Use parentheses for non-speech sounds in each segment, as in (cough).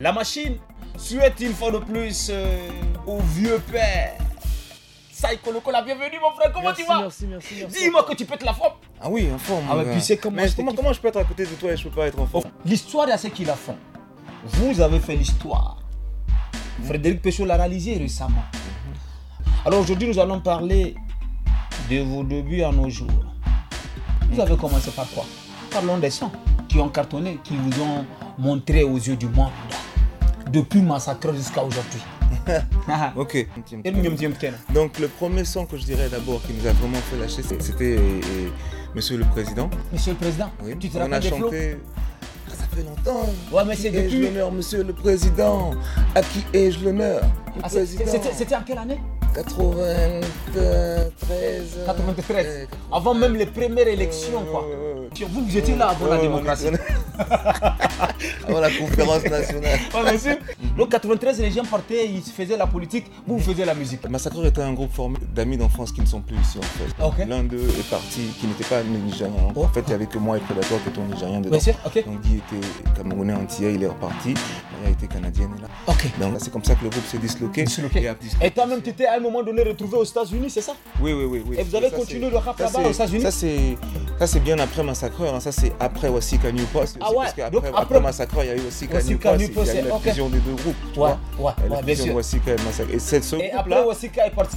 La machine souhaite une fois de plus euh, au vieux père. Saïkoloko, la bienvenue, mon frère. Comment tu vas Merci, merci, merci. Dis-moi que tu pètes la forme. Ah oui, en forme. Ah, comment, comment, je peux être à côté de toi et je peux pas être en forme oh, L'histoire de ce qu'il a fait. Vous avez fait l'histoire. Frédéric Péchaud l'a réalisé récemment. Mhm. Alors aujourd'hui, nous allons parler de vos débuts à nos jours. Vous avez commencé par quoi Parlons des sons qui ont cartonné, qui vous ont montré aux yeux du monde depuis Massacre jusqu'à aujourd'hui. (laughs) ok. Donc le premier son que je dirais d'abord qui nous a vraiment fait lâcher, c'était euh, Monsieur le Président. Monsieur le Président On a chanté. Ah, ça fait longtemps. Ouais, mais c'est depuis. Monsieur le Président À qui ai-je l'honneur ah, C'était en quelle année 93. 93. Avant même les premières élections, quoi. Vous, vous étiez là avant la démocratie. (laughs) avant la conférence nationale. (laughs) Donc 93, les gens partaient, ils faisaient la politique, vous, vous faisiez la musique. Massacreur était un groupe formé d'amis d'enfance qui ne sont plus ici en fait. Ah, L'un d'eux est parti, qui n'était pas nigérien. En oh. fait, il n'y avait que moi et Predator qui un nigériens dedans. Donc il était camerounais entier, il est reparti. Maria était canadienne là. Donc là, c'est comme ça que le groupe s'est disloqué. Et, toi-même, tu étais à un moment donné retrouvé aux États-Unis, c'est ça oui, oui, oui, Et vous avez continué le rap là-bas aux États-Unis Ça, c'est bien après Massacreur, hein. ça, c'est après ah aussi Newport. Post. Parce qu'après après... Massacreur, il y a eu aussi Canyon Post. y a eu la fusion des deux groupes toi toi ouais, ouais, bien sûr. Et c'est ce Et après, Wassika est parti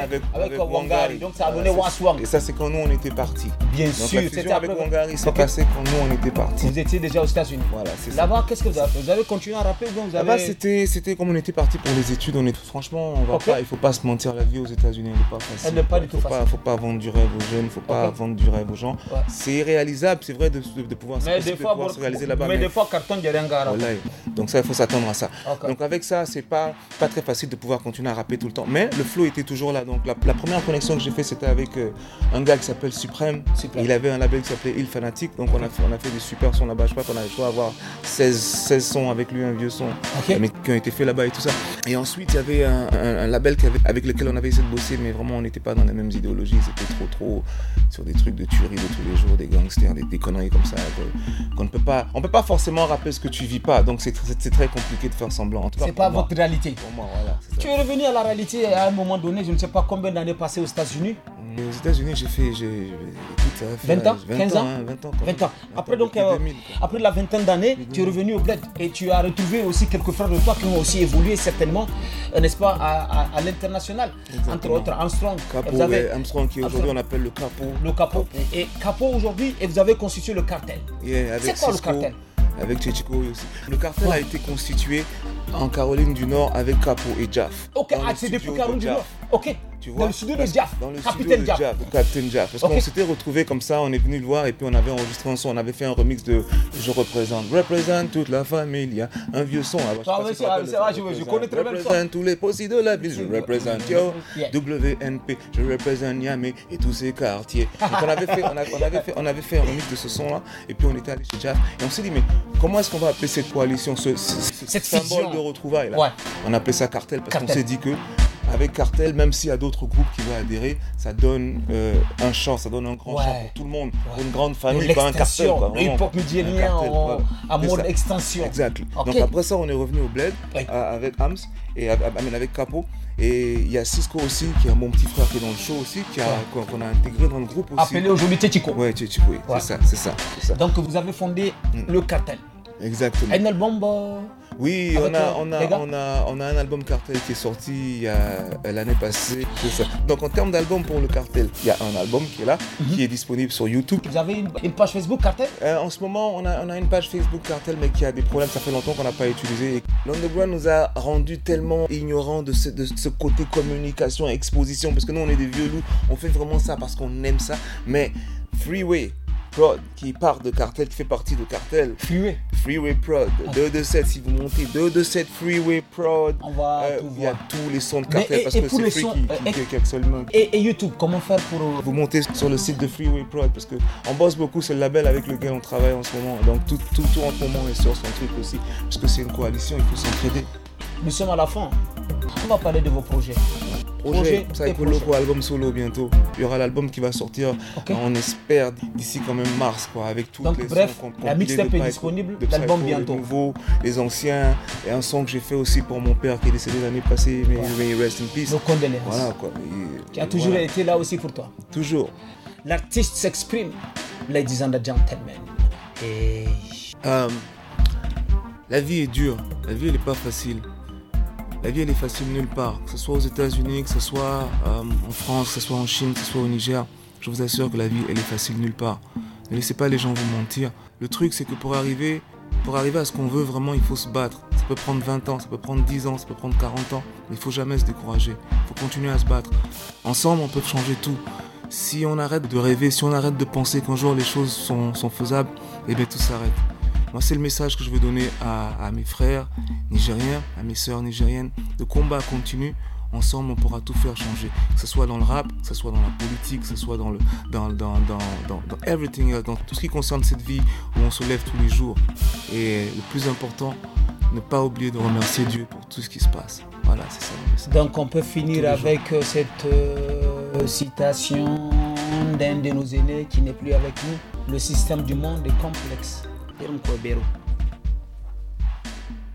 avec, avec, Wangari. Donc ça a donné Waswang. Et ça, c'est quand nous, on était partis. Bien sûr. C'était avec Wangari, c'est passé quand nous, on était partis. Vous étiez déjà aux États-Unis. Voilà, c'est ça. Là-bas, qu'est-ce que vous avez fait Vous avez continué à rappeler vous avez... là c'était, comme on était parti pour les études. On est... Franchement, on va pas, il faut pas se mentir. La vie aux États-Unis, elle n'est pas facile. Elle n'est pas du tout facile. Faut pas vendre du rêve aux jeunes, il ne faut pas vendre du rêve aux gens. C'est irréalisable c'est vrai de pouvoir se réaliser là-bas. Mais des fois, carton de raconter. Donc ça, il faut s'attendre à ça. Donc avec ça, c'est pas, pas très facile de pouvoir continuer à rapper tout le temps. Mais le flow était toujours là. Donc la, première connexion que j'ai fait, c'était avec euh, un gars qui s'appelle Supreme. Il avait un label qui s'appelait Il Fanatic. Donc on a, fait, on a fait des super sons là-bas. Je crois qu'on a le à avoir 16, 16 sons avec lui, un vieux son. Mais qui ont été faits là-bas et tout ça. Et ensuite, il y avait un, label avec lequel on avait essayé de bosser, mais vraiment, on n'était pas dans les mêmes idéologies. C'était trop, trop sur des trucs de tuerie de tous les jours, des gangsters, des, des conneries comme ça. Qu'on ne peut pas, on peut pas forcément rappeler ce que tu vis pas. Donc c'est très compliqué faire semblant. En tout cas, c'est pas votre réalité. tu es revenu à la réalité à un moment donné, je ne sais pas combien d'années passées aux États-Unis. Euh, aux États-Unis, j'ai fait, j'ai, 20 ans, ans, hein, ans, Après donc, euh, après la vingtaine d'années, tu es revenu au bled et tu as retrouvé aussi quelques frères de toi qui ont aussi évolué certainement, euh, n'est-ce pas, à, l'international. Entre autres, Armstrong. Armstrong qui aujourd'hui on appelle le Capo. Le Capo. Et Capo aujourd'hui, et vous avez constitué le cartel. c'est quoi le cartel avec Chichiko aussi. Le cartel a été constitué en Caroline du Nord avec Capo et Jaff. Ok, ah, c'est depuis Caroline du Nord Ok. dans le studio de Jaff. le Capitaine de Jaff. Captain Jaff. Parce qu'on s'était retrouvé comme ça, on est venu le voir et puis on avait enregistré un son. On avait fait un remix de Je représente, représente toute la famille. Il y a un vieux son. je, représente tous les possibles de la ville. Je représente Yo, WNP. Je représente Niamey et tous ces quartiers. (laughs) Donc on avait, fait, un remix de ce son-là et puis on était allé chez Jaff et on s'est dit, mais comment est-ce qu'on va appeler cette coalition, ce, cette symbole de retrouvailles là On appelait ça cartel parce qu'on s'est dit que avec Cartel, même s'il y a d'autres groupes qui veulent adhérer, ça donne euh, un champ, ça donne un grand champ pour tout le monde, une grande famille, pas un cartel. Quoi, le hip-hop médiélien à mon extension. Exact. Donc après ça, on est revenu au Bled avec Ams et avec Capo. Et il y a Cisco aussi, qui est mon petit frère qui est dans le show aussi, qu'on a, a, intégré dans le groupe aussi. Appelé aujourd'hui Tético. Ouais, Tético, oui. c'est ça, c'est ça, Donc vous avez fondé mm. le cartel. Exactement. Un Bomba. Oui, ah, on a, on, a, un album cartel qui est sorti euh, l'année passée. Donc en termes d'album pour le cartel, il y a un album qui est là, mhm. qui est disponible sur YouTube. Vous avez une, page Facebook cartel euh, En ce moment, on a, on a une page Facebook cartel, mais qui a des problèmes. Ça fait longtemps qu'on n'a pas utilisé. L'underground nous a rendu tellement ignorants de ce, de ce côté communication, exposition, parce que nous, on est des vieux loups. On fait vraiment ça parce qu'on aime ça. Mais Freeway, Prod, qui part de cartel, qui fait partie de cartel. Freeway Freeway Prod, 2-2-7, ah. si vous montez, 2-2-7, Freeway Prod. On euh, Il y a tous les sons de café parce que c'est Free qui, qui, eh, eh, qui, seulement. Et, YouTube, comment faire pour. Euh, vous montez sur le site de Freeway Prod parce qu'on bosse beaucoup, c'est le label avec lequel on travaille en ce moment. Donc tout, tout, tout en commun est sur son truc aussi parce que c'est une coalition, il faut s'entraider. Nous sommes à la fin. On va parler de vos projets projet. le Loco, album solo bientôt. Il y aura l'album qui va sortir, on espère, d'ici quand même mars, quoi, avec toutes Donc, les bref, la mixtape est disponible, l'album bientôt. Les nouveaux, les anciens, et un son que j'ai fait aussi pour mon père qui est décédé l'année passée, mais rest in peace. Nos condoléances. Voilà, quoi. qui a toujours été là aussi pour toi. Toujours. L'artiste s'exprime, ladies and gentlemen. Et... Euh, la vie est dure, la vie n'est pas facile. La vie, elle est facile nulle part. Que ce soit aux États-Unis, que ce soit euh, en France, que ce soit en Chine, que ce soit au Niger. Je vous assure que la vie, elle est facile nulle part. Ne laissez pas les gens vous mentir. Le truc, c'est que pour arriver, pour arriver à ce qu'on veut vraiment, il faut se battre. Ça peut prendre 20 ans, ça peut prendre 10 ans, ça peut prendre 40 ans, mais il faut jamais se décourager. Il faut continuer à se battre. Ensemble, on peut changer tout. Si on arrête de rêver, si on arrête de penser qu'un jour les choses sont, sont faisables, eh bien tout s'arrête. Moi, c'est le message que je veux donner à, mes frères nigériens, à mes sœurs nigériennes. Le combat continue. Ensemble, on pourra tout faire changer. Que ce soit dans le rap, que ce soit dans la politique, que ce soit dans, le, dans, dans, everything, dans tout ce qui concerne cette vie où on se lève tous les jours. Et le plus important, ne pas oublier de remercier Dieu pour tout ce qui se passe. Voilà, c'est ça. Donc on peut finir avec euh, cette euh, citation d'un de nos aînés qui n'est plus avec nous. Le système du monde est complexe. um Corbeiro